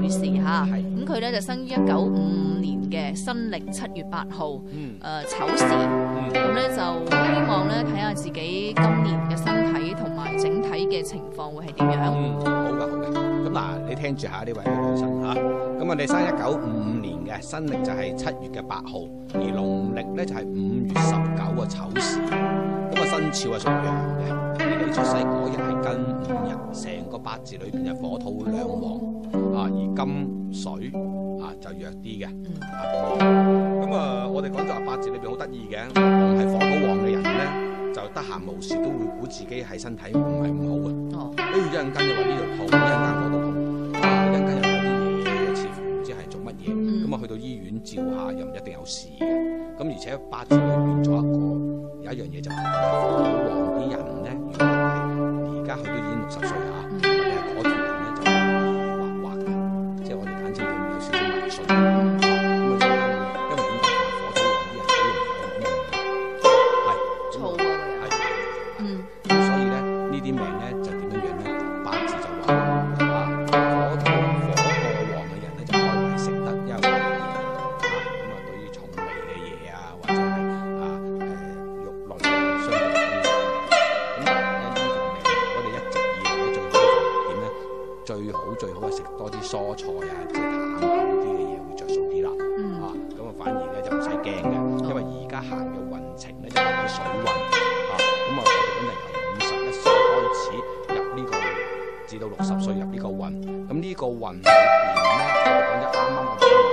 女士吓，咁佢咧就生於一九五五年嘅新歷七月八號，誒、嗯呃、丑時，咁咧就希望咧睇下自己今年嘅身體同埋整體嘅情況會係點樣、嗯。好嘅好嘅，咁嗱你聽住下呢位女、啊、生吓，咁我哋生一九五五年嘅新曆就係七月嘅八號，而農曆咧就係、是、五月十九嘅丑時，咁啊生肖啊屬羊嘅，你出世嗰日係庚午日，成個八字裏邊嘅火土兩旺。啊，而金水啊就弱啲嘅。嗯、啊。咁啊，我哋講就話八字裏邊好得意嘅，唔係火土旺嘅人咧，就得閒無事都會估自己係身體唔係咁好嘅。哦、啊。比如人一陣間又話呢度痛，有人有一陣間嗰度痛，啊，一陣間又有啲嘢，似乎唔知係做乜嘢。咁啊、嗯，嗯、去到醫院照下又唔一定有事嘅。咁而且八字裏邊仲有一個，有一樣嘢就係火土旺啲人咧，而家去到已經六十歲。食多啲蔬菜啊，即係淡口啲嘅嘢會着數啲啦，mm. 啊，咁啊反而咧就唔使驚嘅，因為而家行嘅運程咧就係啲水運啊，咁啊我哋今日由五十一歲開始入呢個，至到六十歲入呢個運，咁呢個運咧，我哋啱啱。啊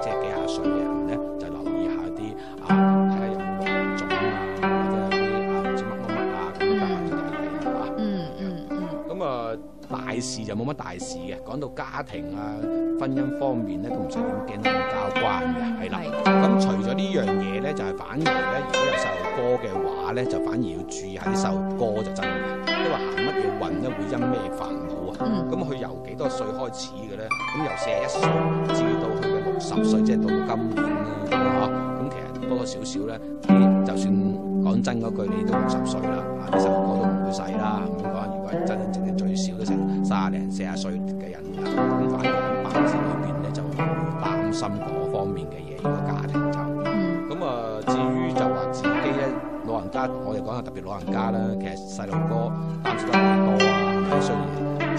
即係幾廿歲嘅人咧，就留意一下啲啊，睇下有冇瘤腫啊，或者係啲啊唔知乜乜乜啊咁樣嘅問題嚇。嗯嗯嗯。咁、嗯、啊，大事就冇乜大事嘅。講到家庭啊、婚姻方面咧，都唔使點驚交關嘅。係啦。咁的除咗呢樣嘢咧，就係、是、反而咧，如果有細路哥嘅話咧，就反而要注意下啲細路哥就真嘅，因為行乜嘢運咧，會因咩煩。咁佢、嗯嗯、由幾多歲開始嘅咧？咁、嗯、由四十一歲至到佢嘅六十歲，即係到今年啦嚇。咁、嗯嗯、其實多多少少咧、嗯，就算講真嗰句，你都六十歲啦，啊啲細路哥都唔會細啦。咁、嗯、講、啊，如果真真正正最少都成卅零四十歲嘅人啦、啊，反過喺八字裏邊咧就唔會擔心嗰方面嘅嘢。呢個家庭就，咁、嗯、啊至於就話自己咧老人家，我哋講下特別老人家啦，其實細路哥擔心得好多啊？係咪需要？雖然傳統就一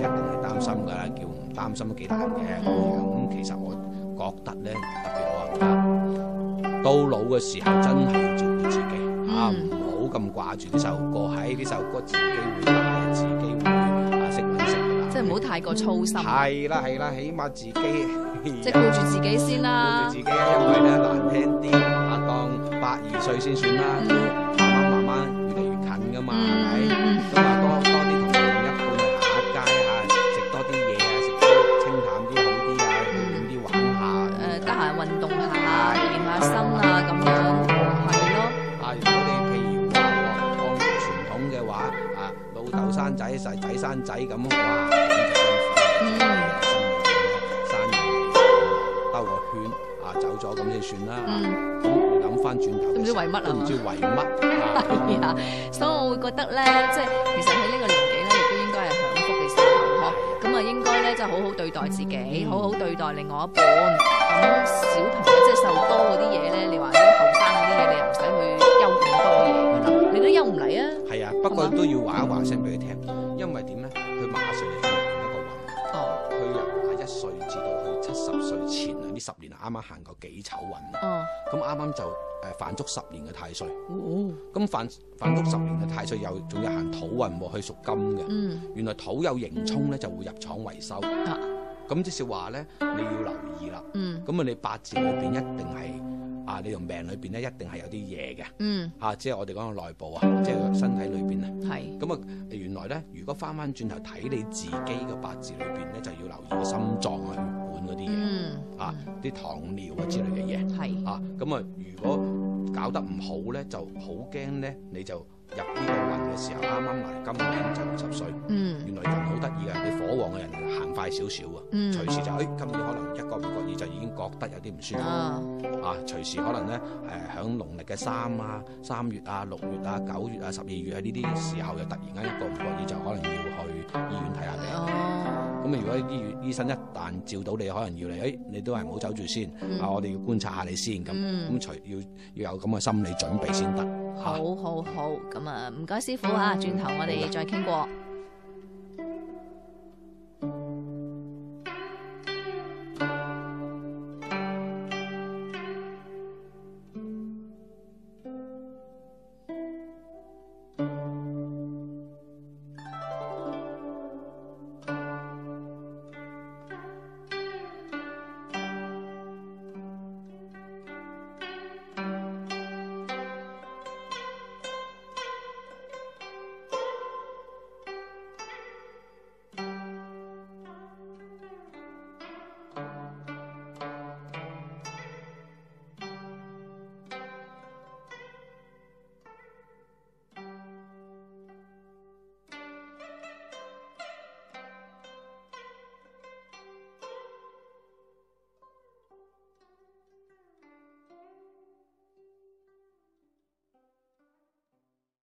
定係擔心噶啦，叫唔擔心都幾難嘅咁樣。咁、嗯嗯嗯、其實我覺得咧，特別老人家到老嘅時候，真係要做自己、嗯、啊，唔好咁掛住呢首歌。喺、哎、呢首歌自己會拉，自己會啊，識搵食噶啦。即係唔好太過操心。係、嗯、啦係啦，起碼自己即係顧住自己先啦。顧住自己啊，因為咧難聽啲，啊當八二歲先算啦，都慢慢慢慢越嚟越近噶嘛，係、哎、咪？咁、嗯嗯舊生仔、細仔、生仔咁，哇！生人兜，嗯、個圈啊，走咗咁就算啦。嗯，諗翻轉頭都唔知為乜啊，唔知為乜。係啊，啊啊所以我會覺得咧，即係其實喺呢個年紀咧，亦都應該係享福嘅時候呵。咁啊，應該咧，即係好好對待自己，好好對待另外一半。咁小朋友即係受多嗰啲嘢咧，你話都佢都要話一話聲俾佢聽，因為點咧？佢馬上嚟一個運，佢由廿一歲至到佢七十歲前啊，呢、哦呃、十年啱啱行過幾醜運啊！咁啱啱就誒犯足十年嘅太歲，咁犯犯足十年嘅太歲又仲要行土運喎，佢屬金嘅，原來土有刑沖咧就會入廠維修，咁即、啊、係話咧你要留意啦。咁啊、嗯，你八字裏邊一定係。啊！你條命裏邊咧，一定係有啲嘢嘅。嗯。嚇，即係我哋講嘅內部啊，即係身體裏邊啊。係。咁啊，原來咧，如果翻翻轉頭睇你自己嘅八字裏邊咧，就要留意個心臟啊、血管嗰啲嘢。嗯。啊，啲糖尿啊之類嘅嘢。係。啊，咁啊，如果搞得唔好咧，就好驚咧，你就入呢個運嘅時候，啱啱嚟，今年就六十歲。嗯。原來運好得意嘅，你火旺嘅人行快少少啊。嗯。隨時就誒，今年可能。唔覺意就已經覺得有啲唔舒服啊，啊隨，啊，隨時可能咧，誒，響農曆嘅三啊、三月啊、六月啊、九月啊、十二月啊呢啲時候就突然間一個唔覺意就可能要去醫院睇下你，咁啊，啊啊如果醫院醫生一旦照到你，可能要你，誒、哎，你都係唔好走住先，嗯、啊，我哋要觀察下你先，咁，咁、嗯、除要要有咁嘅心理準備先得，啊、好好好，咁啊，唔該師傅啊，轉頭我哋再傾過。嗯，謝謝。